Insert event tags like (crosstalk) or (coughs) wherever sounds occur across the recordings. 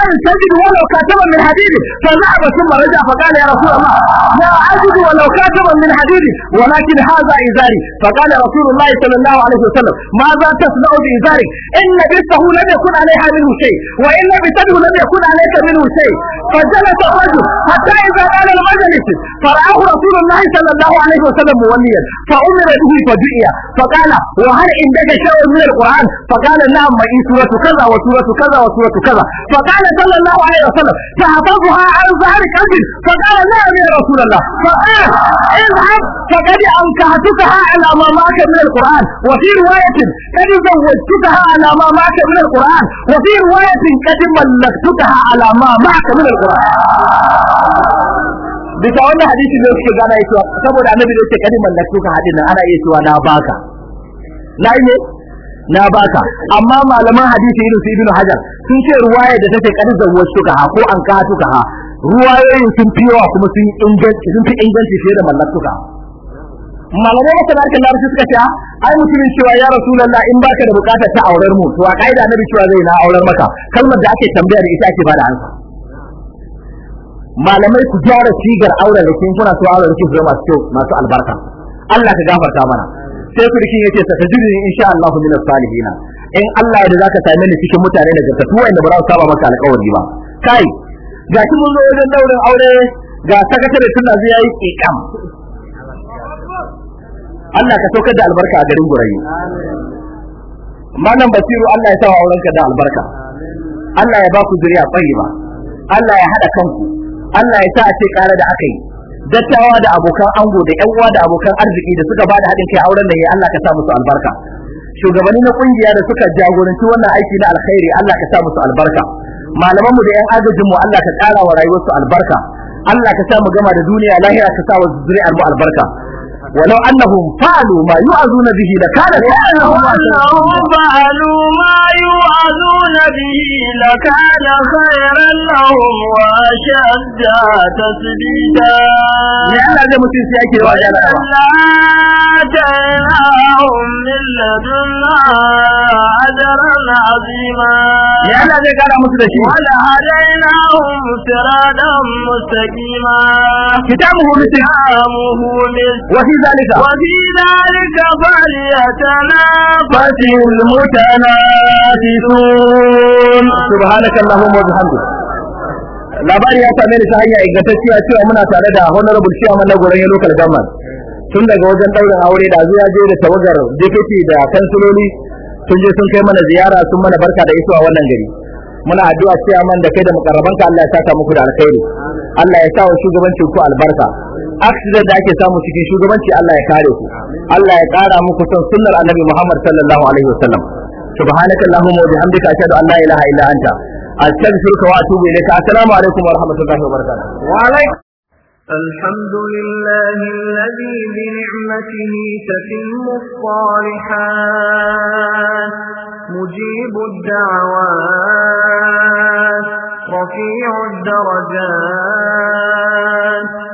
هل تجد ولو كاتبا من حديدي فذهب ثم رجع فقال يا رسول الله لا أجد ولو كاتبا من حديدي ولكن هذا إزاري فقال رسول الله صلى الله عليه وسلم ماذا تصنع بإزارك إن لبسته لم يكن عليها منه شيء وإن لبسته لم يكن عليك منه شيء فجلس الرجل حتى إذا قال المجلس فرآه رسول الله صلى الله عليه وسلم موليا فأمر به فجئيا فقال وهل عندك شيء من القرآن فقال نعم معي سورة كذا وسورة كذا وسورة كذا فقال قال صلى الله عليه وسلم تهبطها على ظهر كبد فقال نعم يا رسول الله فقال اذهب فقد انكهتكها على ما معك من القران وفي روايه قد زوجتها على ما معك من القران وفي روايه قد ملكتها على ما معك من القران bisa wannan hadisi da suke gana yacewa saboda annabi da yake kadin mallaktuka hadin ana iya cewa na baka na yi na baka amma malaman hadisi irin su ibnu hajar sun ce ruwaya da take kadin wasu ka ko an ka tuka ka ruwayoyin sun fi yawa kuma sun inganci sun fi inganci fiye da mallatuka malamai masana harkar larabci suka ce ah, ai mutumin cewa ya rasulullah in baka da bukatar ta aurar mu to a kaida annabi cewa zai na aurar maka kalmar da ake tambaya da ita ake bada ansa malamai ku gyara gar auren da kin kuna so auren da zama masu masu albarka Allah ka gafarta mana sai surikin yace satajidni insha Allah min as-salihin in Allah ya da zaka same ni cikin mutane da gaskatu wanda ba za su saba maka alƙawari ba kai ga shi mun zo wajen daurin aure ga sakatare tun da yayi kikam Allah ka saukar da albarka a garin gurayi malam basiru Allah ya sawa aurenka da albarka Allah ya ba ku zuriya tayyiba Allah ya hada kanku Allah ya sa a ce kare da aka yi dattawa da abokan ango da yan uwa da abokan arziki da suka bada haɗin kai auren nan ya Allah ka sa musu albarka shugabanni na kungiya da suka jagoranci wannan aiki na alkhairi Allah ka sa musu albarka mu da yan agajin mu Allah ka ƙara wa rayuwarsu albarka Allah ka sa mu gama da duniya lahira ka sa wa zuri'ar mu albarka ولو أنهم فعلوا ما يوعظون به لكان خيرا لهم أنهم فعلوا ما يوعظون به لكان خيرا لهم وأشد تثبيتا لأن هذا مسلم سيأتي لآتيناهم من لدنا أجرا عظيما لأن هذا قال مسلم شيء ولهديناهم صراطا مستقيما ختامه مثل وفي ذلك وفي fi فليتنافس المتنافسون سبحانك اللهم وبحمدك labari ya same ni ta hanya ingantacciya cewa muna tare da honorable chairman na goren local government tun daga wajen daurin aure da zuwa je da tawagar deputy da kansiloli sun je sun kai mana ziyara sun mana barka da iso a wannan gari muna addu'a cewa man da kai da mukarrabanka Allah ya saka muku da alkhairi Allah ya sa wa shugabancin ku albarka accident da ake samu cikin shugabanci Allah ya kare ku Allah ya kara muku son sunnar Annabi Muhammad sallallahu alaihi wasallam subhanakallahu wa bihamdika ashhadu an la ilaha illa anta astaghfiruka wa أستغفرك وأتوب إليك السلام عليكم ورحمة الله وبركاته وعليكم الحمد لله الذي بنعمته تتم الصالحات مجيب الدعوات رفيع الدرجات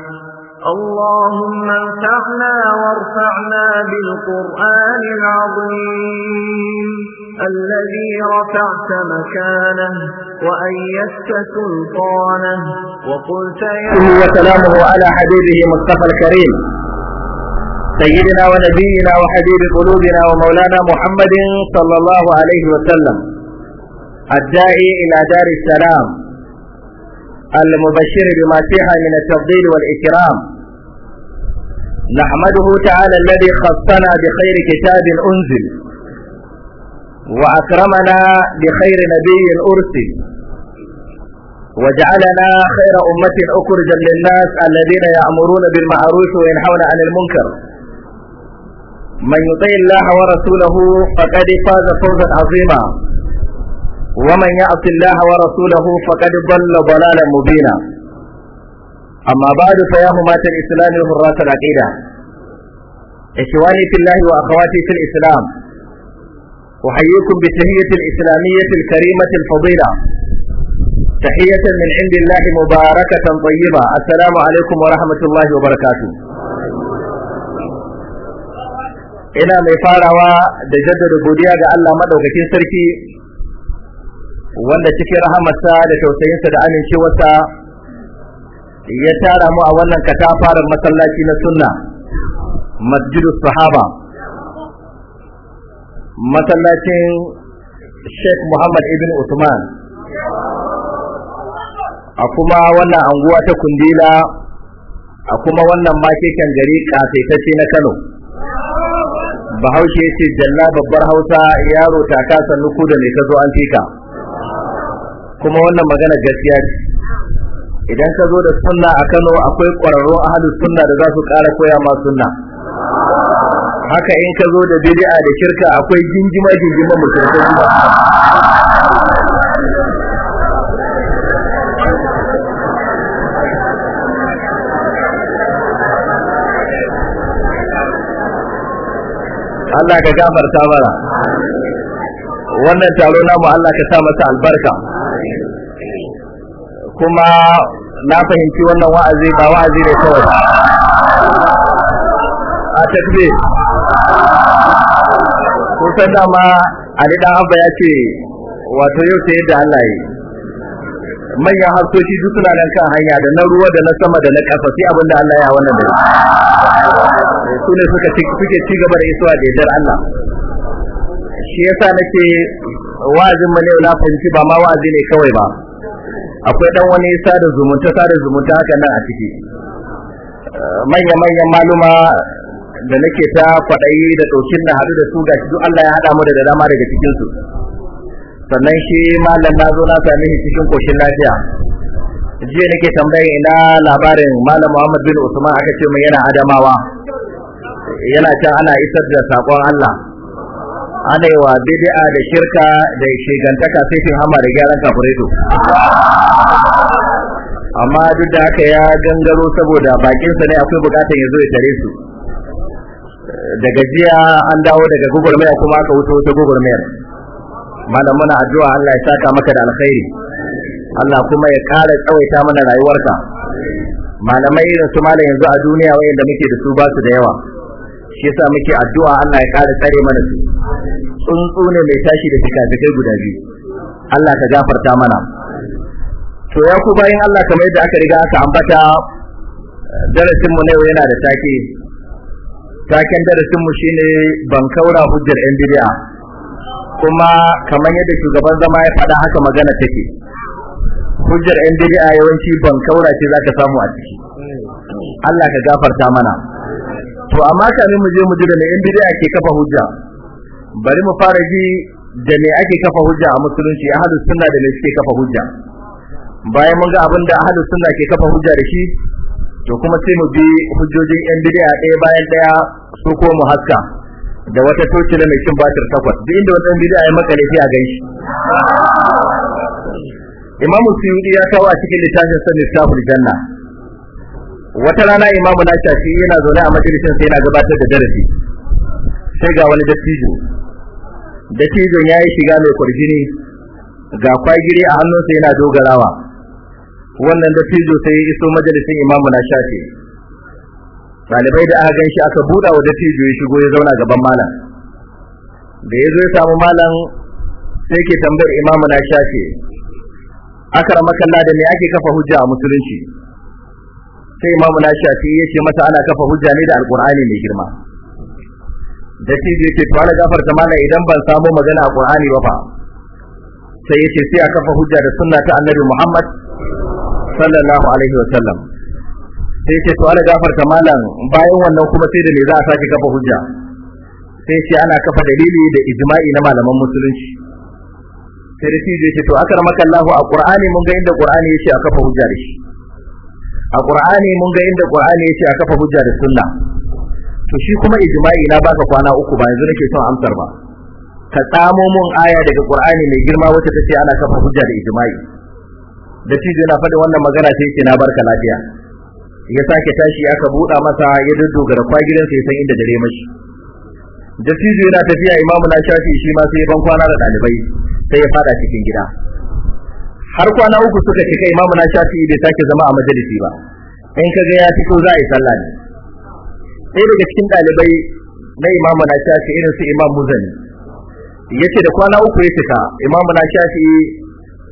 اللهم انفعنا وارفعنا بالقرآن العظيم الذي رفعت مكانه وأيدت سلطانه وقلت يا وسلامه على حبيبه مصطفى الكريم سيدنا ونبينا وحبيب قلوبنا ومولانا محمد صلى الله عليه وسلم الداعي إلى دار السلام المبشر بما فيها من التفضيل والإكرام نحمده تعالى الذي خصنا بخير كتاب أنزل وأكرمنا بخير نبي أرسل وجعلنا خير أمة أخرجا للناس الذين يأمرون بالمعروف وينهون عن المنكر من يطيع الله ورسوله فقد فاز فوزا عظيما ومن يعص الله ورسوله فقد ضل ضلالا مبينا أما بعد فيا ممات الإسلام ومرات العقيدة إخواني في الله وأخواتي في الإسلام أحييكم بالتحية الإسلامية الكريمة الفضيلة تحية من عند الله مباركة طيبة السلام عليكم ورحمة الله وبركاته ina mai farawa da jaddada godiya ga Allah madaukakin sarki wanda cikin rahamarsa da tausayinsa da amincewarsa ya tara mu a wannan katafaren masallaci na sunna masjidus sahaba masallacin Sheikh Muhammad ibn Usman a kuma wannan anguwa ta Kundila a kuma wannan makekan gari kafetace na Kano Bahaushe ce jalla babbar Hausa yaro ta sannu nuku da mai ta zo an fika kuma wannan magana gaskiya ce idan ka zo da sunna a Kano akwai ƙwararrun ahli sunna da za su ƙara koya ma sunna haka in ka zo da bid'a da shirka akwai jinjima jinjima musulmai Allah ka gafarta mana wannan taro namu Allah ka sa masa albarka kuma na fahimci wannan wa'azi ba wa'azi ne kawai a takbir kusan dama Ali dan Abba ya ce wato yau sai da Allah yi manyan harkoki duk suna nan kan hanya da na ruwa da na sama da na kafa sai abin Allah ya wannan da eh, su ne suka ci suke ci gaba da isuwa da yardar Allah shi yasa nake wa'azin mu ne na fahimci ba ma wa'azi ne kawai ba akwai dan wani sada zumunta sada zumunta haka nan a ciki manya manyan maluma da nake ta kwadayi da dokin na hadu da su gashi duk Allah ya hada mu da dama daga cikin su sannan shi malam na zo na same shi cikin koshin lafiya jiya nake tambaye ina labarin malam Muhammad bin Usman aka ce mai yana adamawa yana ta ana isar da sakon Allah ana yi wa bid'a da shirka da shigantaka sai fin hama da gyaran kafureto amma duk da haka ya gangaro saboda bakinsa ne akwai bukatar ya zo ya tare su daga jiya an dawo daga mai kuma aka wuce wuce Google mai malam muna addu'a Allah ya saka maka da alkhairi Allah kuma ya ƙara tsawaita mana rayuwarka malamai irin su malam yanzu a duniya wayanda muke da su ba su da yawa shi yasa muke addu'a Allah ya kare tsare mana su tsuntsu ne mai tashi da fikafikai guda biyu Allah ka gafarta mana to ya ku bayan Allah kamar yadda aka riga aka ambata darasin mu ne yau yana da take taken darasin mu shine kaura hujjar Indiya kuma kamar yadda shugaban zama ya faɗa haka magana take hujjar Indiya yawanci yawanci kaura ce zaka samu a ciki Allah ka gafarta mana to amma kamin mu je mu ji da me yan bid'a ke kafa hujja bari mu fara ji da me ake kafa hujja a musulunci ahlus sunna da me suke kafa hujja bayan mun ga abin da ahlus sunna ke kafa hujja da shi to kuma sai mu bi hujjojin yan bid'a ɗaya bayan ɗaya su ko mu haska da wata tocila mai cin batir takwas duk inda wannan bid'a ya maka laifi a gaishe Imam Suyuti ya kawo a cikin littafin sa Miftahul Janna wata rana imamu na shafi yana zaune a majalisar sai yana gabatar da darasi sai ga wani dattijo dattijon ya yi shiga mai kurjini ga kwagiri a hannunsa yana dogarawa wannan dattijo sai ya iso majalisin imamu na shafi ɗalibai da aka ganshi aka buɗa wa dattijo ya shigo ya zauna gaban malam da ya zo ya samu malam sai ke tambayar imamu na shafi akar makalla da me ake kafa hujja a musulunci sai imamu na shafi ya ce masa ana kafa hujja ne da alkur'ani mai girma da shi zai ce to gafar ta mana idan ban samu magana a qur'ani ba fa sai ya ce sai a kafa hujja da sunna ta annabi muhammad sallallahu alaihi wa sallam sai ce to ana gafarta malam bayan wannan kuma sai da me za a sake kafa hujja sai ce ana kafa dalili da ijma'i na malaman musulunci sai da shi da yake to akar makallahu a qur'ani mun ga inda qur'ani yace a kafa hujja da shi a qur'ani mun ga inda qur'ani yace a kafa hujja da sunna to shi kuma ijma'i na baka kwana uku ba yanzu nake son amsar ba ka tsamo mun aya daga qur'ani mai girma wacce tace ana kafa hujja da ijma'i da shi yana faɗin wannan magana sai yake na barka lafiya ya sake tashi aka buɗa masa ya daddogara kwa gidansa ya san inda dare mashi da shi yana tafiya imamu na shafi shi ma sai ban kwana da ɗalibai sai ya fada cikin gida har kwana uku suka cika imamu na shafi bai sake zama a majalisi ba in ka ga ya fito za a yi sallah ne sai daga cikin ɗalibai na imamu na shafi irin su imam muzani ya ce da kwana uku ya cika imamu na shafi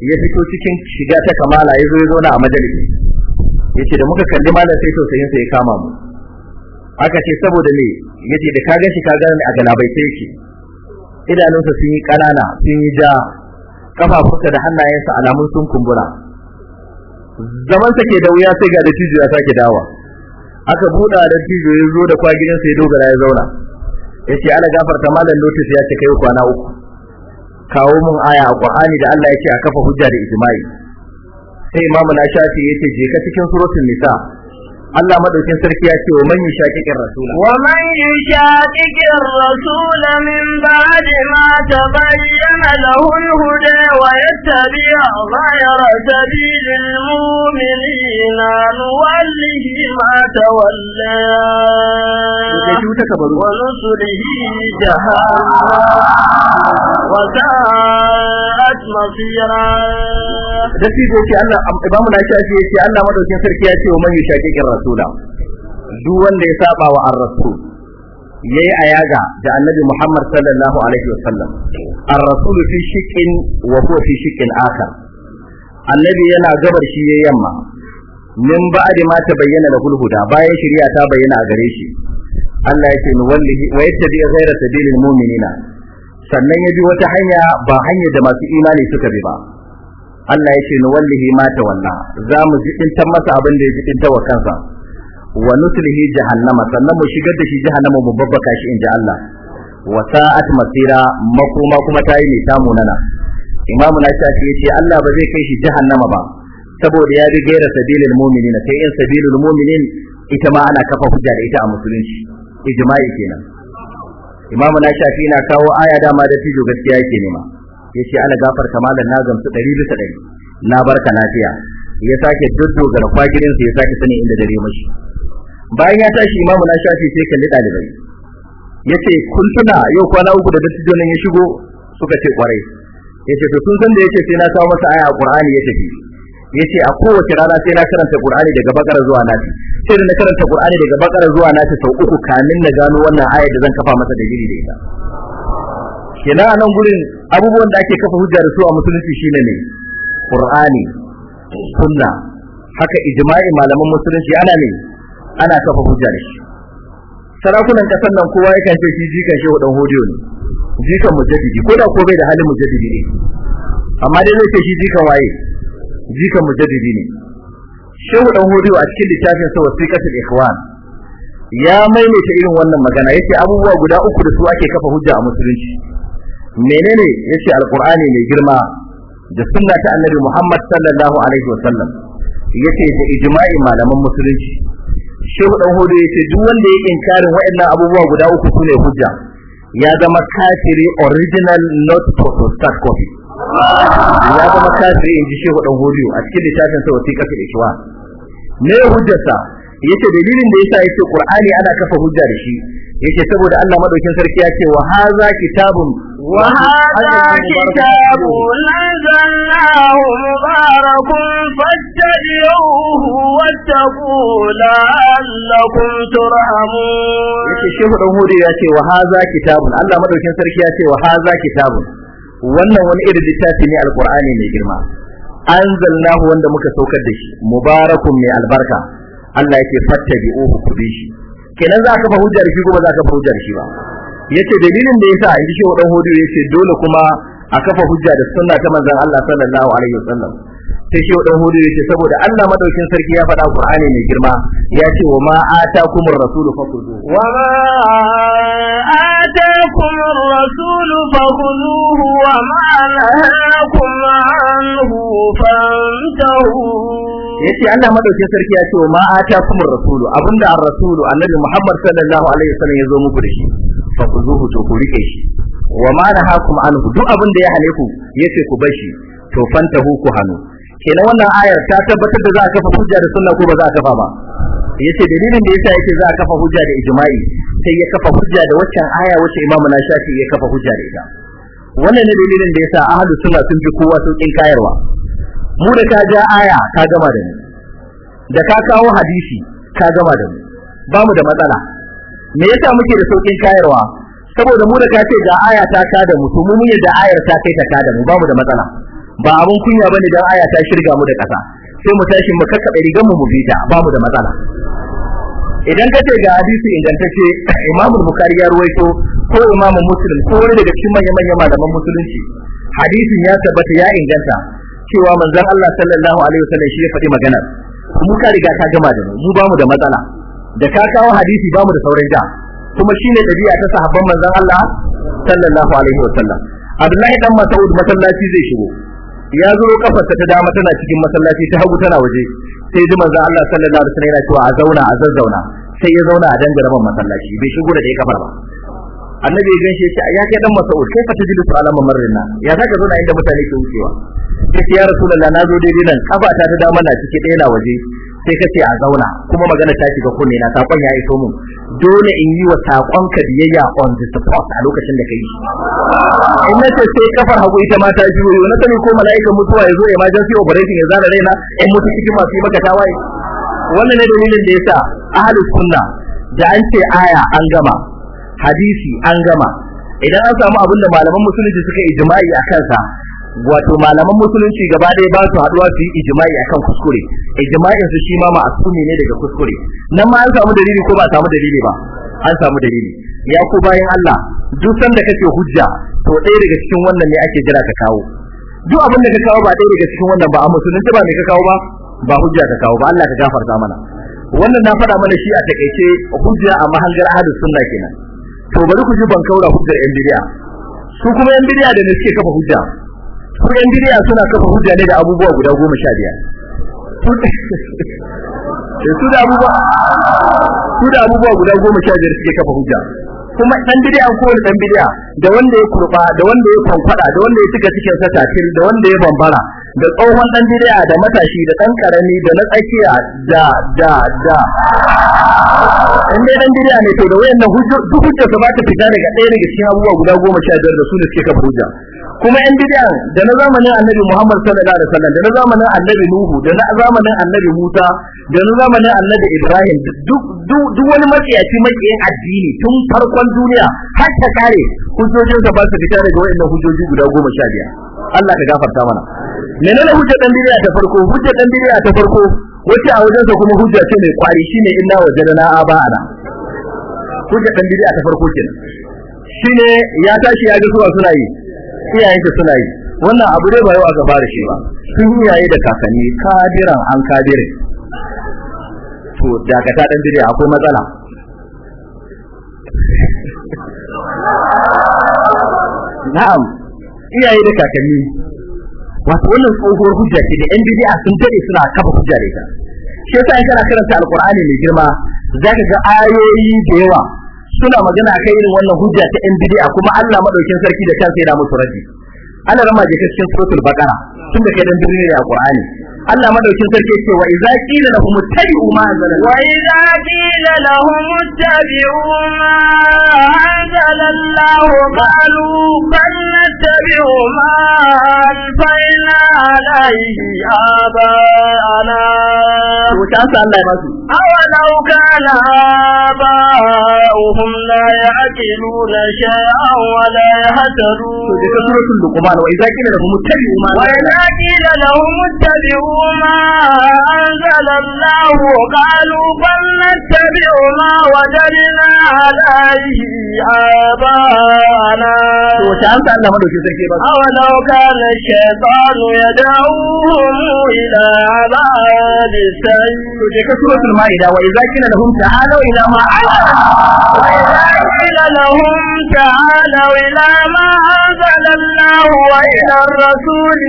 ya fito cikin shiga ta kamala ya zo ya zauna a majalisi ya ce da muka kalli malam sai tausayinsa ya kama mu aka ce saboda me ya ce da ka gan shi ka gane a galabai sai ce idanunsa sun yi ƙanana sun yi ja kafafunsa da hannayensa alamun sun kumbura zaman take da wuya sai ga dattijo ya sake dawa aka buɗa dattijo ya zo da kwagirin ya dogara ya zauna yace ala gafarta malam lotus ya ce kai kwana uku kawo mun aya a Qur'ani da Allah ya ce a kafa hujja da ijma'i sai imamu na shafi yace je ka cikin suratul nisa Allah madaukin sarki ya ce wa man yushaqiqir rasula wa man yushaqiqir rasula min ba'di ma tabayyana lahu al-huda wa yattabi' ghayra sabilil mu'minina nuwallihi ma tawalla wa nusulihi jahannam wa sa'at masira da shi ce Allah imamu na shafi ya Allah sarki ya ce wa rasula duk wanda ya saba wa ar-rasul yayi ayaga da annabi Muhammad sallallahu alaihi wasallam ar-rasul fi shiqqin wa huwa fi shiqqin akhar annabi yana gabar shi yayi yamma min ba'di ma tabayyana lahul da bayan shari'a ta bayyana a gare shi Allah yake ni wallahi wa yattabi ghayra sabilil mu'minina sannan ya wata hanya ba hanya da masu imani suka bi ba Allah ya ce ni wallahi mata ta walla za mu jibinta masa abin da ya jibinta wa kansa wa nuslihi jahannama sannan mu shigar da shi jahannama mu babbaka shi inji Allah wa sa'at masira makoma kuma tayi mai samu nana imamu na shafi yace Allah ba zai kai shi jahannama ba saboda ya bi gaira sabilul mu'minin sai in sabilul mu'minin ita ma ana kafa hujja da ita a musulunci ijma'i kenan imamu na shafi na kawo aya dama da tijo gaskiya yake nema Ya ce, ala gafarta malam na gamsu ɗari bisa ɗari na barka lafiya ya sake duddogar kwagirin sa ya sake sani inda dare mashi bayan ya tashi imamu na shafi sai kalli ɗalibai Ya ce, kun tuna yau kwana uku da dattijo nan ya shigo suka ce kwarai ya to sun san da ce sai na samu masa aya Qur'ani ya tafi ce a kowace rana sai na karanta Qur'ani daga bakara zuwa nasi sai na karanta Qur'ani daga bakara zuwa nasi sau uku kamin na gano wannan aya da zan kafa masa dalili da ita kina a nan gurin abubuwan da ake kafa hujja da su a musulunci shine ne qur'ani sunna haka ijma'i malaman musulunci ana ne ana kafa hujja da shi sarakunan kasar nan kowa yakan ce shi jikan shehu dan hodiyo ne jikan mujaddidi ko da ko bai da halin mujaddidi ne amma dai zai ce shi jikan waye jikan mujaddidi ne shehu dan hodiyo a cikin littafin sa wasiqatul ikhwan ya maimaita irin wannan magana yace abubuwa guda uku da su ake kafa hujja a musulunci menene yace alqur'ani mai girma da sunna ta annabi Muhammad sallallahu alaihi wasallam yace da ijma'i malaman musulunci shehu dan hodo yace duk wanda ya inkarin waɗannan abubuwa guda uku sune hujja ya zama kafiri original not photostat copy ya zama kafiri ji shehu dan hodo a cikin littafin sa wasiƙa ta ishwa me hujjarsa yace dalilin da yasa yace qur'ani ana kafa hujja da shi yace saboda Allah madaukin sarki ya ce wa haza kitabun وهذا كتاب أنزلناه مبارك فاتبعوه واتقوا لعلكم ترحمون. الشيخ الأموري يأتي وهذا كتاب الله وهذا كتاب wannan wani irin littafi ne alqur'ani mai girma anzalnahu wanda muka saukar da shi mubarakun mai albarka Allah yake fattabi'uhu ku bi shi kenan za ka fa hujjar shi ko ba za ka fa hujjar shi ba yace dalilin da yasa in shi wadan hudu yace dole kuma a kafa hujja da sunna ta manzon Allah sallallahu alaihi wasallam sai shi wadan hudu yace saboda Allah madaukin sarki ya faɗa Qur'ani mai girma yace wa ma atakumur rasulu fakhudhu wa ma atakumur rasulu fakhudhuhu wa ma nahakum anhu fantahu yace Allah madaukin sarki ya ce ma ata kumur abinda ar rasul annabi Muhammad sallallahu alaihi wasallam ya zo muku da shi fa to ku rike shi wa ma nahakum anhu duk abin da ya hale ku yace ku shi to fantahu ku hanu kenan wannan ayar ta tabbatar da za a kafa hujja da sunna ko ba za a kafa ba yace dalilin da yasa yake za a kafa hujja da ijma'i sai ya kafa hujja da waccan aya wacce imamu na shafi ya kafa hujja da ita wannan ne dalilin da yasa ahlus sunna sun fi kowa saukin kayarwa mu da ka ja aya ka gama da mu da ka kawo hadisi ta gama da mu ba mu da matsala me yasa muke da saukin kayarwa saboda mu da ka ce ga aya ta ka da mu to mu ne da ayar ta kai ta ka da mu bamu da matsala ba abun kunya bane dan aya ta shirga mu da kasa sai mu tashi mu kakkabe rigan mu mu ba mu da matsala idan ka ce ga hadisi ce, (coughs) Imam Bukhari ya ruwaito ko Imam Muslim ko wani daga cikin manyan manyan malaman musulunci hadisin ya tabbata ya inganta cewa manzon Allah sallallahu alaihi wasallam shi ya faɗi magana mu ka riga ka gama da mu mu bamu da matsala da ka kawo hadisi ba mu da sauran ja kuma shine dabi'a ta sahabban manzon Allah sallallahu alaihi wasallam Abdullahi dan Mas'ud masallaci zai shigo ya zo kafarsa ta dama tana cikin masallaci ta hagu tana waje sai ji manzon Allah sallallahu alaihi wasallam yana cewa a zauna a zazzauna sai ya zauna a dangare man masallaci bai shigo da dai kafar ba annabi ya ganshi shi ya kai dan Mas'ud tafi da salama ala mamarrina ya zaka zauna inda mutane ke wucewa sai ya rasulullahi na zo dai-dai nan kafata ta dama na ciki ɗaya na waje sai ka ce a zauna kuma magana ta shiga kunne na sakon ya iso mun dole in yi wa sakon ka biyayya on the spot a lokacin da kai in na ce sai kafar hagu ita ma ta biyo na sani ko mala'ikan mutuwa ya zo ya sai operation ya zara raina in mutu cikin masu yi maka tawaye wannan ne dalilin da yasa ahlus sunna da an ce aya an gama hadisi an gama idan an samu abin da malaman musulunci suka ijma'i a kansa wato malaman musulunci gaba ɗaya ba su haɗuwa su yi ijma'i akan kuskure ijma'in su shi ma ma'asumi ne daga kuskure nan ma an samu dalili ko ba samu dalili ba an samu dalili ya ku bayan Allah duk sanda kake hujja to ɗaya daga cikin wannan ne ake jira ka kawo duk abin da ka kawo ba ɗaya daga cikin wannan ba a musulunci ba ne ka kawo ba ba hujja ka kawo ba Allah ka gafarta mana wannan na faɗa mana shi a taƙaice hujja a mahangar ahadu sunna kenan to bari ku ji ban kaura hujjar yan bid'a su kuma yan bid'a da ne suke kafa hujja su yan bidiya suna kafa hujja ne da abubuwa guda goma sha biyar eh, su da abubuwa su da abubuwa guda goma sha biyar suke kafa hujja kuma dan bidiya ko dan bidiya da wanda ya kurba da wanda ya kwankwada da wanda ya tuka cikin sa tafir da wanda ya bambara da tsohon dan bidiya da matashi da dan karami da na tsakiya da da da in dai dan bidiya ne to da wayannan hujja duk hujja ba ta fita daga ɗaya daga cikin abubuwa guda goma sha biyar da su ne suke kafa hujja kuma yan bid'an da na zamanin annabi Muhammad sallallahu alaihi wasallam da na zamanin annabi Nuhu da na zamanin annabi Musa da na zamanin annabi Ibrahim duk duk wani matsiyaci makiyin addini tun farkon duniya har ta kare hujjojin ba su fita daga wayannan hujjoji guda goma sha biyar Allah ka gafarta mana menene hujjar dan bid'a ta farko hujjar dan bid'a ta farko wace a wajensa kuma hujja ce mai kwari shine inna wajadana aba'ana hujjar dan bid'a ta farko kenan shine ya tashi ya ga suwa suna yi iyayen da suna yi wannan abu dai ba yau gaba da shi ba sun iyaye da kakanni kadiran an kadire to daga ta dan dire akwai matsala na'am iyaye da kakanni wato wannan tsohuwar hujja ce da yan bid'a sun dade suna kafa hujja da ita shi yasa in kana karanta alqur'ani mai girma zaka ga ayoyi da yawa suna magana akan irin wannan hujja ta yan bid'a kuma Allah madaukin sarki da kansa yana musu rabi. ana rama je cikin suratul baqara tun da kai dan birni ne a qur'ani Allah madaukin sarki ce wa idza qila lahum ittabi'u ma anzala wa idza qila lahum ittabi'u ma anzala Allah qalu bal nattabi'u ma alfayna alayhi aba ana to ta sa Allah ba su awalau kana aba uhum la ya'qiluna shay'an wa la yahtadun to da suratul luqman wa idza qila lahum ittabi'u ma anzala wa idza qila lahum ittabi'u ما أنزل الله قالوا بل نتبع ما وجدنا عليه آبانا أولو كان الشيطان يدعوهم إلى عباد السيد المائدة وإذا قيل لهم تعالوا إلى ما وإذا قيل لهم تعالوا إلى ما أنزل الله وإلى الرسول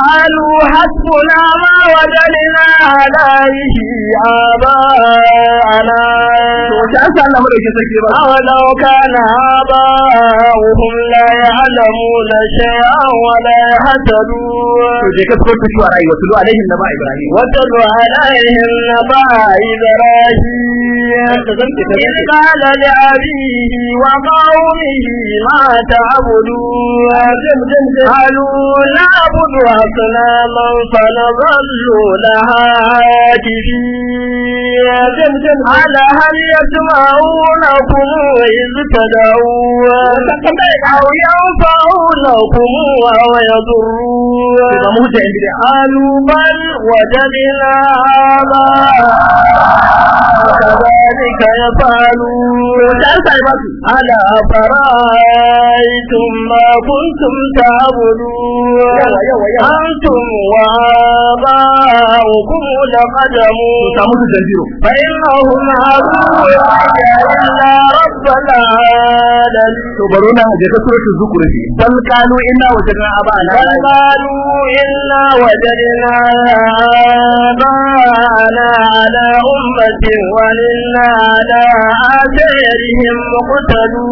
قالوا حسبنا ما وجدنا عليه آباءنا أولو كان آباؤهم لا يعلمون شيئا ولا يهتدون وجدوا عليهم نبأ إبراهيم إذ قال لأبيه وقومه ما تعبدون قالوا نعبد أصناما فنظل لها عاكفين قال هل يسمعونكم إذ تدعون أو ينفعونكم أو يضرون قالوا بل وجدنا آباءنا ذلك يفعلون على فرأيتم ما كنتم تعبدون أنتم وآباؤكم لقدمون فإنهم عدو إلا رب ضلالا to baro nan ga ta so su zukure shi bal kalu inna wajadna abana bal kalu inna wajadna abana ala ummati wa inna ala atharihim muqtadun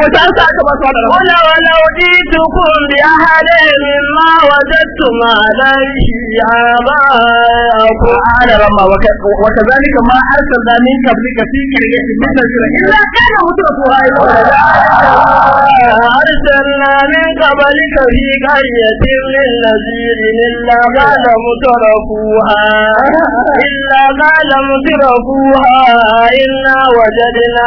wata an saka ba su da wala wala wajitukum bi ahada mimma wajadtum alayhi abaakum ala ramma wa kadhalika ma arsalna min qablika fi kiryatin mithla illa kana mutu Arsalna min qablika fi qaryatin min nazirin illa ma lam turafuha illa ma lam turafuha inna wajadna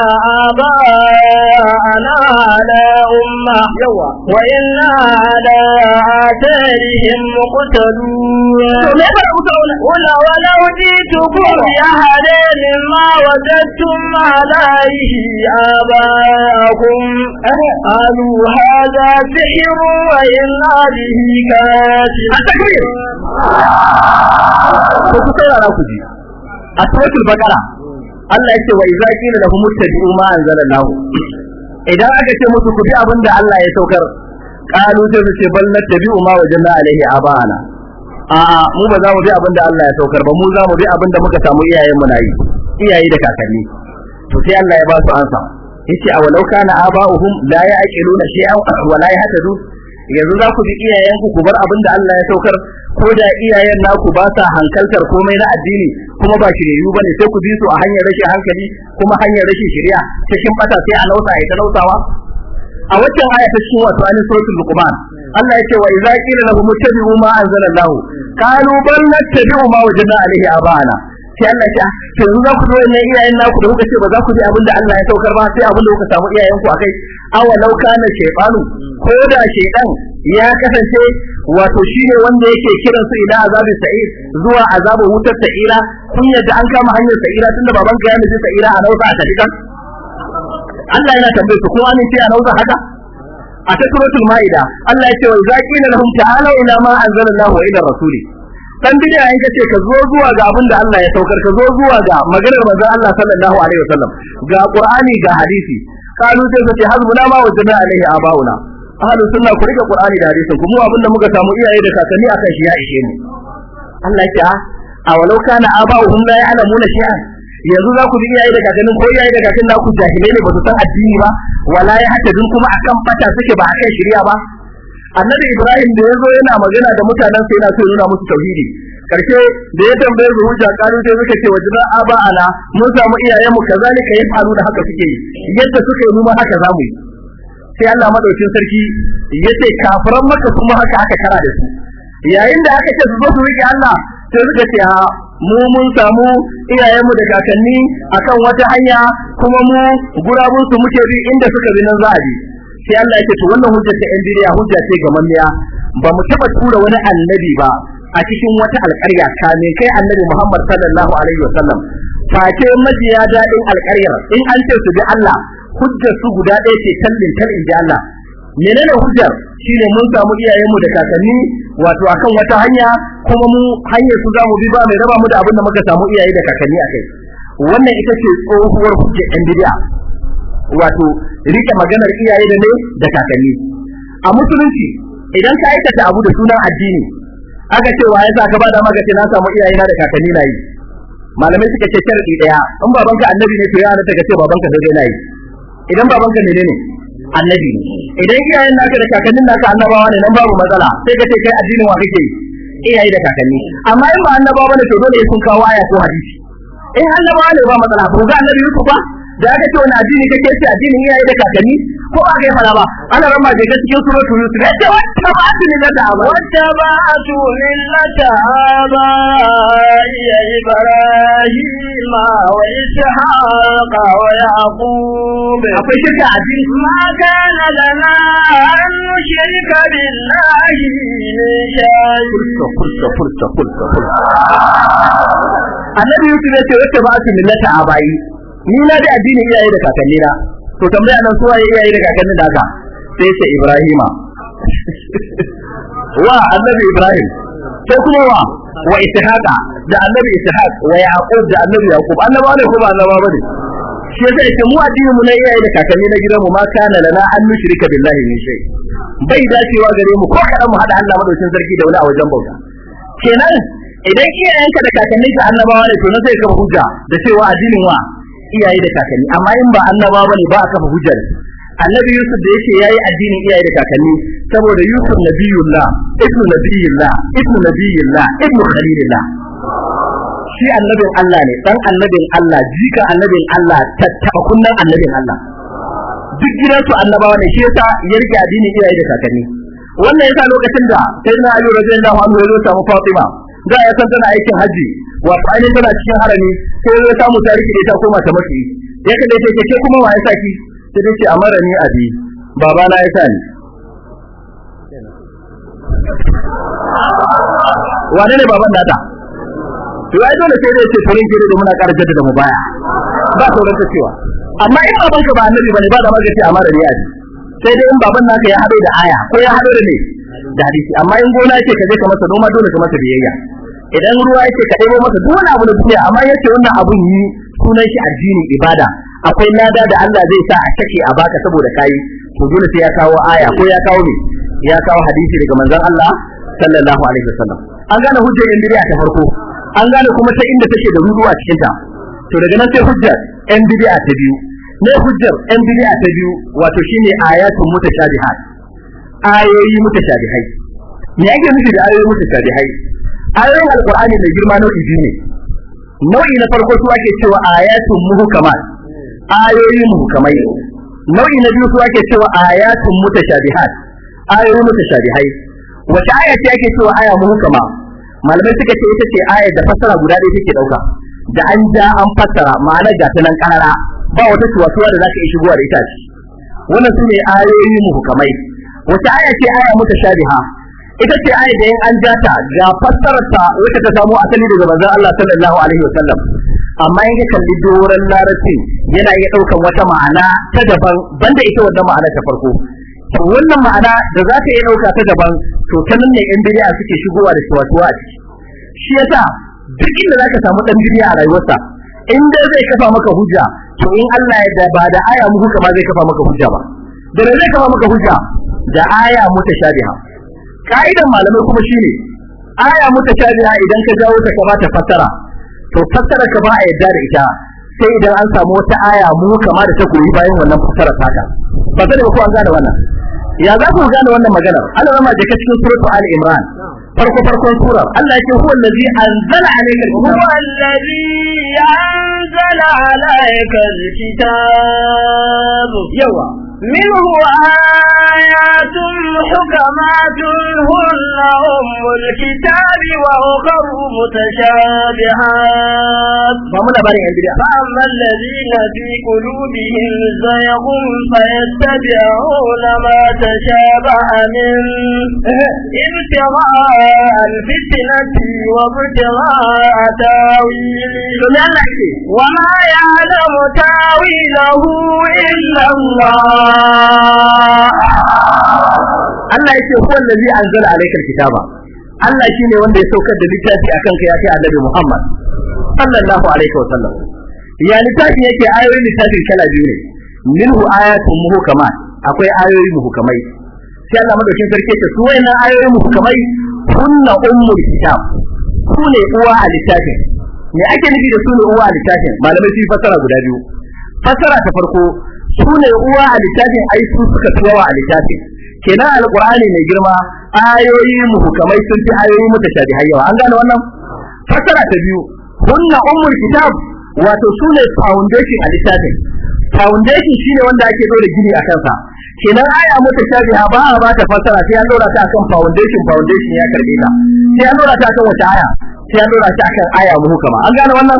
aba'ana ala umma yawa wa inna ala atarihim muqtadu wala wala wajitu kum ya hadin ma wajadtum alayhi آباءكم قالوا هذا سحر وإن هذه كاتب التكبير فكتير على كذي أسوة البقرة الله ya وإذا كنا idza qila ما أنزل الله إذا idan aka ce musu الله bi قالوا Allah ya saukar ما sai عليه آباءنا bal a'a mu ba za mu bi abinda Allah ya saukar ba mu za mu bi abinda muka samu iyayen mu nayi iyaye da kakanni to sai Allah ya ba su ansa yace a walau kana aba'uhum la ya'qiluna shay'an wa la yahtadu yanzu za ku bi iyayenku ku bar abin da Allah ya saukar ko da iyayen naku ba sa hankaltar komai na addini kuma ba ba bane sai ku bi su a hanyar rashin hankali kuma hanyar rashin shari'a cikin bata sai a nausa ya nausawa a waccan aya ta cikin wato ainihin suratul luqman Allah ya ce wa idza qila lahum ittabi'u ma anzalallahu qalu bal nattabi'u ma wajadna alayhi abana sai Allah ya ah, to yanzu za ku zo ne iyayen naku da kuka ce ba za ku ji abin da Allah ya saukar ba sai abin da kuka samu iyayen ku akai awa law na shaytanu ko da shaytan ya kasance wato ne wanda yake kiran su ila azabin sa'ir zuwa azabin wutar sa'ira kun yadda an kama hanyar sa'ira tunda baban ka ya nufi sa'ira a nausa a tafi kan Allah yana tambaye su ko an a nausa haka a ta suratul ma'ida Allah ya ce wa zaqina lahum ta'ala ila ma anzalallahu wa ila rasuli dan bid'a in kace ka zo zuwa ga abin da Allah ya saukar ka zo zuwa ga maganar manzon Allah sallallahu alaihi wasallam ga Qur'ani ga hadisi kalu sai kace hazbuna ma wajadna alaihi abauna ahlus sunna ku rika Qur'ani da hadisi mu abin da muka samu iyaye da kakanni akan shi ya ishe ni. Allah ya a ah, walau kana abauhum la ya'lamuna shay'a yanzu za ku bi iyaye da kakannin ko iyaye da kakannin ku jahilai ne ba su san addini ba wala ya hadadin kuma akan fata suke ba akan shari'a ba annabi ibrahim da yazo yana magana da mutanen sa yana so nuna musu tauhidi karshe da ya tambaye su hujja karu sai suka ce wajina aba ala mun samu iyayen mu kazalika yin faru da haka suke yadda suka yi ma haka zamu yi sai Allah madaukin sarki yace kafiran maka kuma haka aka kara da su yayin da aka ce su zo su rike Allah sai suka ce ha mu mun samu iyayenmu da kakanni akan wata hanya kuma mu gurabun su muke bi inda suka bi nan za a bi sai Allah yake to wannan hujja ta Indiriya hujja ce ga manniya ba mu taba tura wani annabi ba a cikin wata alƙarya kamin kai annabi Muhammad sallallahu alaihi wasallam face majiya daɗin alƙaryar in an ce su bi Allah hujjar su guda ɗaya ce tallin tar inji Allah menene hujjar shine mun samu iyayenmu da kakanni wato akan wata hanya kuma mu hanyar su zamu bi ba mai raba mu da abin da muka samu iyaye da kakanni akai wannan ita ce tsohuwar hujjar Indiriya wato rike maganar iyaye da ne da kakanni a musulunci idan ka aikata abu da sunan addini aka ce waye za ka ba da maka ce na samu iyaye na da kakanni na yi malamai suka ce sharadi daya in babanka annabi ne to ya halatta daga ce babanka sai na yi idan babanka ne ne annabi idan iyayen naka da kakannin naka annabawa ne nan babu matsala sai ka ce kai addinin wa kake iyaye da kakanni amma in ba annabawa ne to dole sun kawo aya ko hadisi in annabawa ne ba matsala ko ga annabi Yusuf ba da aka ce wani addini kake ce addinin iyaye da kakanni ko ba kai fara ba ana rama daga cikin suratu yusuf yace wata ba tu millata aba wata ba tu millata aba ya ibrahim wa haka wa kube. akwai shirka addini ma kana lana an nushrika billahi min shay furta furta furta furta annabi yusuf yace wata ba tu millata abai ni na da addinin iyaye da kakanni na to tambaya nan suwaye iyaye da kakanni da haka sai ce Ibrahima (laughs) wa annabi Ibrahim sai kuma wa wa Ishaqa da annabi Ishaq wa Yaqub da annabi Yaqub annabawa ne ko ba annabawa bane shi yasa yake mu addinin mu na iyaye da kakanni na gidan mu ma kana lana an mushrika billahi min shay bai dacewa gare mu ko kadan mu hada Allah madaukin sarki da wani a wajen bauta kenan idan iyayenka da kakanni ka annabawa ne to na sai ka hujja da cewa addinin wa iyaye da kakanni amma in ba annaba bane ba a kafa hujjar annabi yusuf da yake yayi addinin iyaye da kakanni saboda yusuf nabiyullah ibnu nabiyullah ibnu nabiyullah ibnu khalilullah shi annabin Allah ne dan annabin Allah jika annabin Allah tattaba kunnan annabin Allah duk gidansu annabawa ne shi yasa ya rike addinin iyaye da kakanni wannan yasa lokacin da sai na Ali radiyallahu anhu ya zo samu Fatima za a san tana aikin haji wa ainihin tana cikin harami sai ya samu tarihi da ta koma ta mafi ya kada ce ke kuma wa ya saki sai ta ce amara ni abi baba na ya sani wane ne baban data to ai dole sai dai ce furin gidi da muna karje da mu baya ba sauran ta cewa amma in baban ka ba annabi bane ba da magace amara ni abi sai dai in baban naka ya haɗe da aya ko ya haɗe da ne da hadisi amma in gona yake ka ka masa noma dole ka masa biyayya idan ruwa yake ka dawo masa duk wani abu da duniya amma yace wannan abun yi sunan shi addini ibada akwai lada da Allah zai sa a take a baka saboda kai to dole sai ya kawo aya ko ya kawo ne ya kawo hadisi daga manzon Allah sallallahu alaihi wasallam an gane hujja ta farko an gane kuma ta inda take da ruwa cikin ta to daga nan sai hujjar yan bid'a ta biyu ne hujjar yan bid'a ta biyu wato shine ayatun mutashabihat ayoyi mutashabihai me yake nufi da ayoyi mutashabihai ayoyin alqur'ani mai girma nau'i biyu ne nau'i na farko su ake cewa ayatun muhkamat ayoyi muhkamai nau'i na biyu su ake cewa ayatun mutashabihat ayoyi mutashabihai wata aya ce ake cewa aya muhkama malamai suka ce ita ce ayar da fassara guda ɗaya take dauka da an ja an fassara ma'anar ga ta nan ba wata tuwatuwa da zaka yi shigowa da ita ce wannan su ne ayoyi muhkamai wata aya ce aya mutashabiha ita ce aya da an jata ga fassarar ta wacce ta samo asali daga manzon Allah sallallahu alaihi wasallam amma in ka kalli doron larabci yana iya daukan wata ma'ana ta daban banda ita wannan ma'ana ta farko to wannan ma'ana da za ka iya dauka ta daban to ta nan ne yan bid'a suke shigowa da shawatuwa a ciki shi yasa duk inda zaka samu dan bid'a a rayuwarsa in dai zai kafa maka hujja to in Allah ya da ba da aya muku kama zai kafa maka hujja ba da zai kafa maka hujja da aya mutashabiha kaidan malamai kuma shine aya mutashabiha idan ka jawo ta kamata ta fassara to fassara ka ba a yadda da ita sai idan an samu wata aya mu kama da ta koyi bayan wannan fassara taka ba sai ko an gane wannan ya za ku gane wannan magana Allah zama da cikin suratul al imran farko farkon sura Allah yake huwa allazi anzala alayka huwa allazi anzala alayka alkitab yawa منه آيات حكمات هن أم الكتاب وأخر متشابهات فأما الذين في قلوبهم زيغ فيتبعون ما تشابه منه إيه. ابتغاء الفتنة وابتغاء تاويله وما يعلم تاويله إلا الله Allah yake ko zai anzala alaykal kitaba Allah shi ne wanda ya saukar da littafi akan kanka ya kai annabi Muhammad sallallahu alaihi wa sallam ya littafi yake ayoyin littafin kala biyu ne minhu ayatun muhkamat akwai ayoyi muhkamai sai Allah madaukin sarki ta su wayannan ayoyi muhkamai kunna ummul kitab su ne uwa a littafin me ake nufi da su ne uwa a littafin malamai sun fassara guda biyu fassara ta farko su ne uwa a littafin ai su suka tsawa a littafin kenan alqur'ani mai girma ayoyi muhukamai sun fi ayoyi mutashabihai yawa an gane wannan fasara ta biyu hunna ummul kitab wato su ne foundation a littafin foundation shine wanda ake dole gini a kansa kenan aya ha ba a ta fasara sai an dora ta kan foundation foundation ya karbe ta sai an dora ta kan wata aya sai an dora ta kan aya muhukama an gane wannan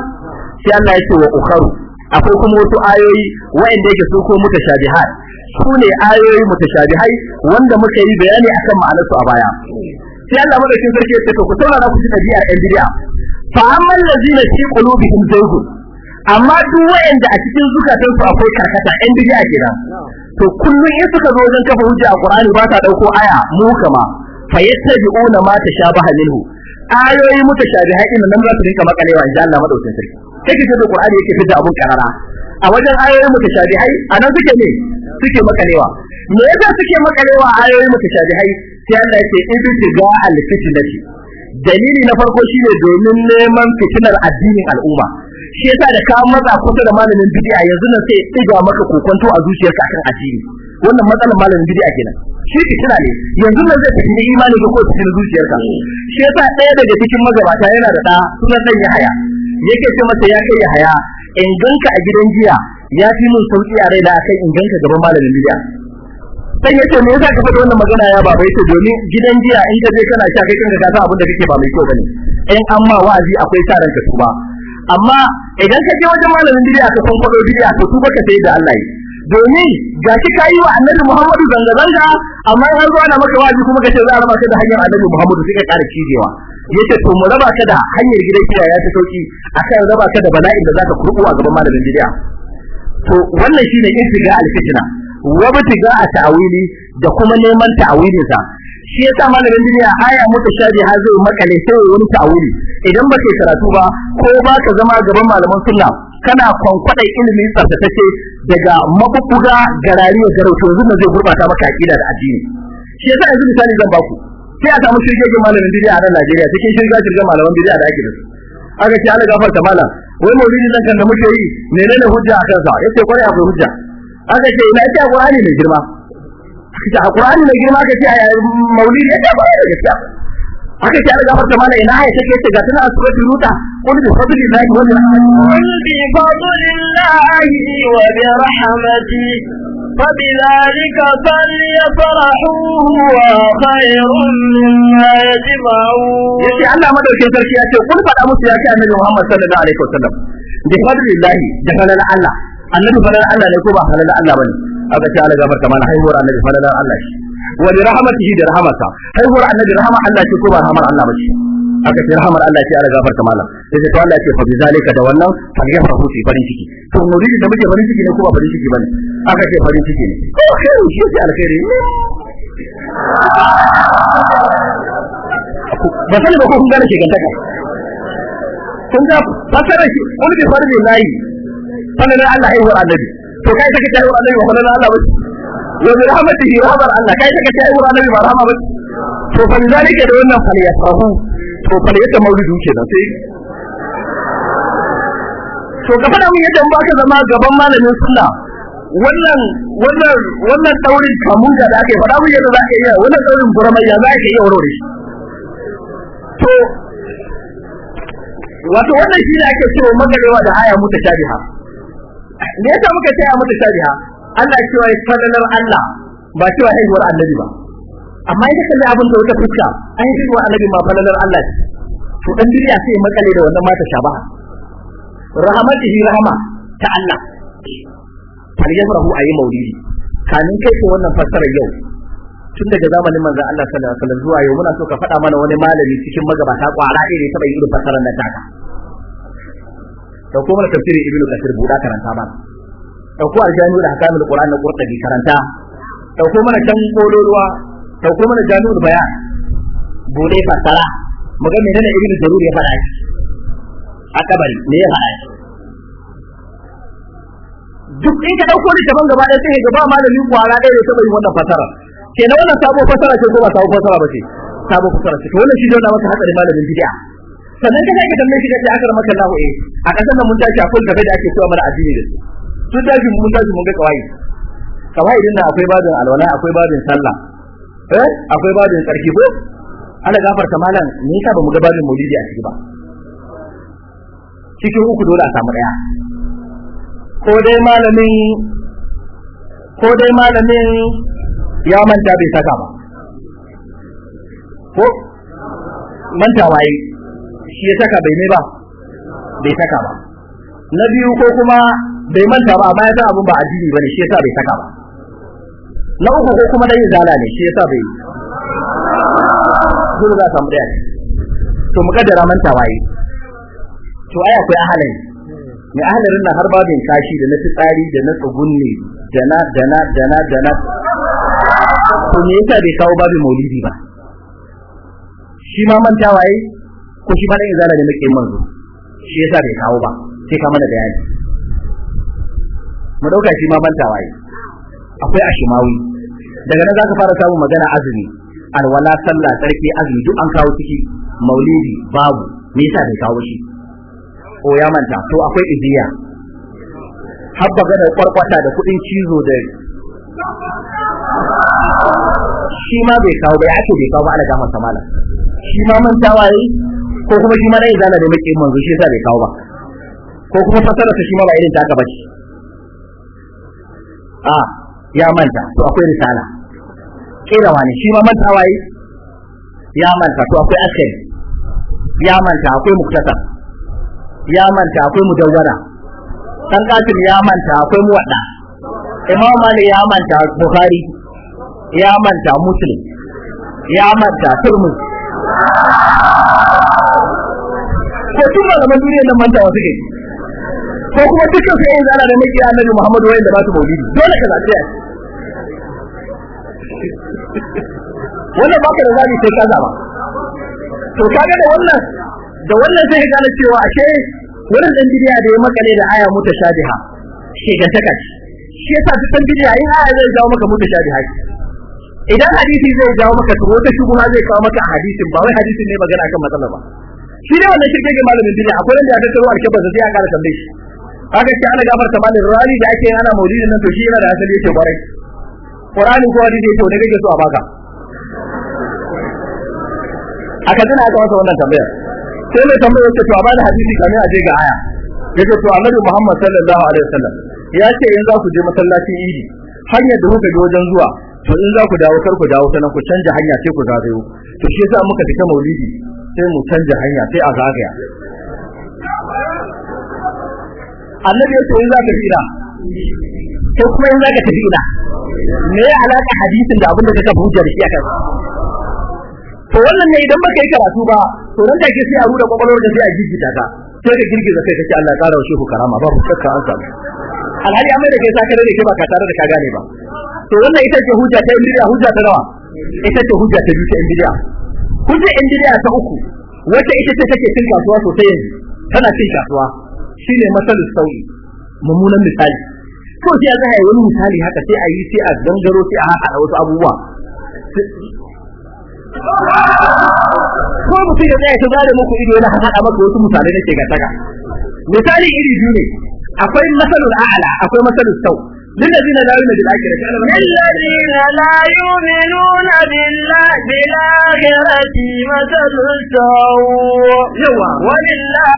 sai Allah ya ce wa ukharu akwai kuma wasu ayoyi wanda yake su ko mutashabihat su ne ayoyi mutashabihai wanda muka yi bayani akan ma'anarsu a baya sai Allah madaukin sarki ya ko ku saurara ku ji tabi'ar ɗan fa amman lazina fi qulubihim zaygun amma duk wayanda a cikin zukatansu su akwai karkata ɗan bid'a kenan to kullun in suka zo wajen kafa hujja a Qur'ani ba ta dauko aya mu kama fa yattabi'una ma tashabaha minhu ayoyi mutashabihai din nan za su rinka makalewa insha Allah madaukin sarki kake ce da Qur'ani yake fita abun karara a wajen ayoyin mutashabihai anan suke ne suke makalewa me yasa suke makalewa ayoyin mutashabihai sai Allah yake ibtiga al-fitnati dalili na farko shine domin neman fitinar addinin al'umma shi yasa da ka matsa kusa da malamin bid'a yanzu nan sai tsiga maka kokonto a zuciyarka akan addini wannan matsalar malamin bid'a kenan shi fitina ne yanzu nan zai fitini imani ga ko fitinin zuciyarka shi yasa ɗaya daga cikin magabata yana da da sunan ɗan haya. yake ce masa ya kai haya in ganka a gidan jiya ya fi mun sauki a raina akan in ganka gaban malamin jiya sai yace me yasa ka fada wannan magana ya baba yace domin gidan jiya in ka je kana sha kai kanka ka san abin da kake ba mai kyau bane in amma wa'azi akwai sa ranka tuba amma idan ka je wajen malamin jiya ka san kwado jiya ka tuba ka sai da Allah yi domin ga shi kai wa annabi Muhammadu zanga zanga amma har zuwa na maka wajibi kuma ce za a raba ka da hanyar annabi Muhammadu sai ka ƙara cijewa yace to mu raba ka da hanyar gidan kira ya ta sauki akan raba ka da bala'in da zaka kurbu a gaban malamin duniya. to wannan shine in shiga alfitina wa bitiga a ta'awili da kuma neman ta'awilin sa shi yasa malamin bid'a aya muta shaje har zai makale sai wani ta'awili idan ba kai karatu ba ko ba ka zama gaban malaman sunna kana kwankwada ilimi tsaftatacce daga mabubuga garari ya garauto yanzu zai gurbata maka aqida da addini shi yasa yanzu misali zan baku sai a samu shirgegen malamin bid'a a nan Najeriya cikin shirga shirga malaman bid'a da ake da su aka ce gafar ta mala, wai maulidi zan kan da muke yi menene hujja a kansa ce kwarai akwai hujja aka ce ina ita Qur'ani mai girma aka ce Qur'ani mai girma aka ce maulidi yace kwarai da gaskiya aka ce gafar ta mala ina ya take ce ga tana suratul ruta qul bi fadlillahi wa bi فبذلك فليفرحوا هو خير مما يجمعون يتي الله مدوكين sarki ya ce kun faɗa musu ya ce annabi Muhammad sallallahu alaihi wasallam bi fadlillahi da halal Allah annabi halal Allah ne ko ba halal Allah bane aka ce Allah gafarta haihuwar annabi halal Allah shi wa bi rahmatihi da rahmata haihuwar annabi rahama Allah Allah a ce Allah ce ala gafarta malam sai sai Allah ce fa bi zalika da wannan fa ya fa huti farin ciki to muridi da muke farin ciki ne ko ba farin ciki bane aka ce farin ciki ne ko kai shi ce alkhairi ba sani ba ko kun gane shegantaka kun ga fasara shi wani bai farbe layi falalar Allah haihuwar annabi to kai take ta haihuwar annabi ba falalar Allah ba wa bi rahmatihi rahmar Allah kai take ta haihuwar annabi ba rahama ba to fa zalika da wannan fa yasrahu to fa yadda maulidi kenan sai to ka faɗa min yadda ba ka zama gaban malamin sunna wannan wannan wannan taurin kamun da ake faɗa mun yadda za ka iya wannan taurin buramayya za ka iya warware shi to wato wannan shi ne ake cewa magalewa da aya mutashabiha me yasa muka ce aya mutashabiha Allah cewa fadalar Allah ba cewa haihuwar annabi ba amma idan kalle abin da wata fuska an yi wa annabi ma falalar Allah to dan duniya sai ya makale da wannan mata shabaha rahmatihi rahama ta Allah fal yafrahu ayi maulidi kanin kai ko wannan fassarar yau tun daga zamanin manzon Allah sallallahu alaihi wasallam zuwa yau muna so ka faɗa mana wani malami cikin magabata kwara ne ta bai yi fassarar na taka dauko mana tafsirin ibnu kasir buda karanta ba dauko aljanu da hakamul qur'an na qurtubi karanta dauko mana can kololuwa dauko mana jami'ul bayan bude fasara mu ga menene irin jaruri ya faɗa shi a kabari me ya faɗa shi duk in ka dauko da daban gaba ɗaya sai gaba malami kwara ɗaya ya taɓa yi wannan fasara ke na wannan sabo fasara ce ko ba sabo fasara ba ce sabo fasara ce to wannan shi zai maka hatsarin malamin bid'a sannan ka ka tambaye shi da aka maka lahu eh a kasan nan mun tashi akwai gaba da ake cewa mana addini da su sun tashi mun tashi mun ga kawai kawai din da akwai bajin alwala akwai bajin sallah eh akwai babin tsarki ko ana gafarta malam me yasa ba mu ga babin maulidi a ciki ba cikin uku dole a samu daya ko dai malamin ko dai malamin ya manta bai saka ba ko manta waye shi ya saka bai ne ba bai saka ba na biyu ko kuma bai manta ba amma ya san abin ba addini bane shi yasa bai saka ba na uku ko kuma dai zala ne shi yasa bai dole za samu dai to mu kaddara man waye to ai akwai ahalin mai ahalin na har babin kashi da na fitsari da na tsugunni da na da na da na da na to me yasa bai kawo babin maulidi ba shi ma man waye ko shi ba dai zala ne muke manzo shi yasa bai kawo ba sai ka mana bayani mu dauka shi ma man waye akwai ashimawi daga nan zaka fara samun magana azumi alwala sallah tsarki azumi duk an kawo ciki maulidi babu me yasa bai kawo shi O ya manta to akwai idiya har magana kwarkwata da kudin cizo da shi ma bai kawo ba ya ake bai kawo ba ala gama samala shi ma mantawa yi ko kuma shi ma dai zana da muke manzo shi yasa bai kawo ba ko kuma fasara shi ma ba irin ta ka bace a ah, ya manta to akwai risala kira wani shi ma manta wai ya manta to akwai askari ya manta akwai muktasa ya manta akwai mudawwara dan qasim ya manta akwai muwadda imam mali ya manta bukhari ya manta muslim ya manta turmuzi ko tun malaman duniya nan manta wasu ke? ko kuma dukkan su yanzu ana da maki annabi Muhammad wayin da ba su maulidi dole ka zaɓi ya wannan ka da zabi sai ka zama. to ka ga da wannan da wannan sai ka gane cewa ashe wannan dan bidiya da ya makale da aya shadiha shi ga taka shi yasa duk dan bidiya in aya zai jawo maka shadiha idan hadisi zai jawo maka to wata shugaba zai kawo maka hadisin ba wai hadisin ne magana akan matsala ba shi ne wannan shirke ga malamin bid'a akwai wanda ya tattaro alkabar sai ya kara tambayi haka shi ana ta malin rani da ake ana maulidi nan to shi yana da asali yake kwarai qur'ani ko hadisi yake wani kake so a baka aka tana aka wasa wannan tambaya sai mai tambaya yake to a bada hadisi kamar a je ga aya yake to annabi Muhammad sallallahu alaihi wasallam ya ce in za ku je masallacin idi hanyar da kuka je wajen zuwa to in za ku dawo kar ku dawo sanan ku canja hanya sai ku zagayo to shi yasa muka fita maulidi sai mu canja hanya sai a zagaya annabi ya ce in za ka fira to kuma in za ka tafi ina me ya alaka hadisin da abin da kake hujjar shi akan to wannan ne idan baka yi karatu ba to nan take sai a rura kwakwalwar da sai a ta ka sai ka girgiza kai kace Allah ya kara shi shehu karama ba ku shakka an samu alhali amma da ke sa kare da ke ba ka tare da ka gane ba to wannan ita ce hujja ta indiya hujja ta nawa ita ce hujja ta biyu ta hujja indiya ta uku wata ita ce take cin kasuwa sosai yanzu tana cin kasuwa Shi ne masalul sauyi mummunan misali ko sai za a yi wani misali haka sai a yi sai a dangaro sai a haɗa wasu abubuwa ko mutum ya tsaya ta zare muku ido yana haɗa maka wasu misalai na ke saka misali iri biyu ne akwai masalul a'la akwai masalul sau للذين لا يؤمنون بالآخرة للذين لا يؤمنون بالآخرة مثل السوء ولله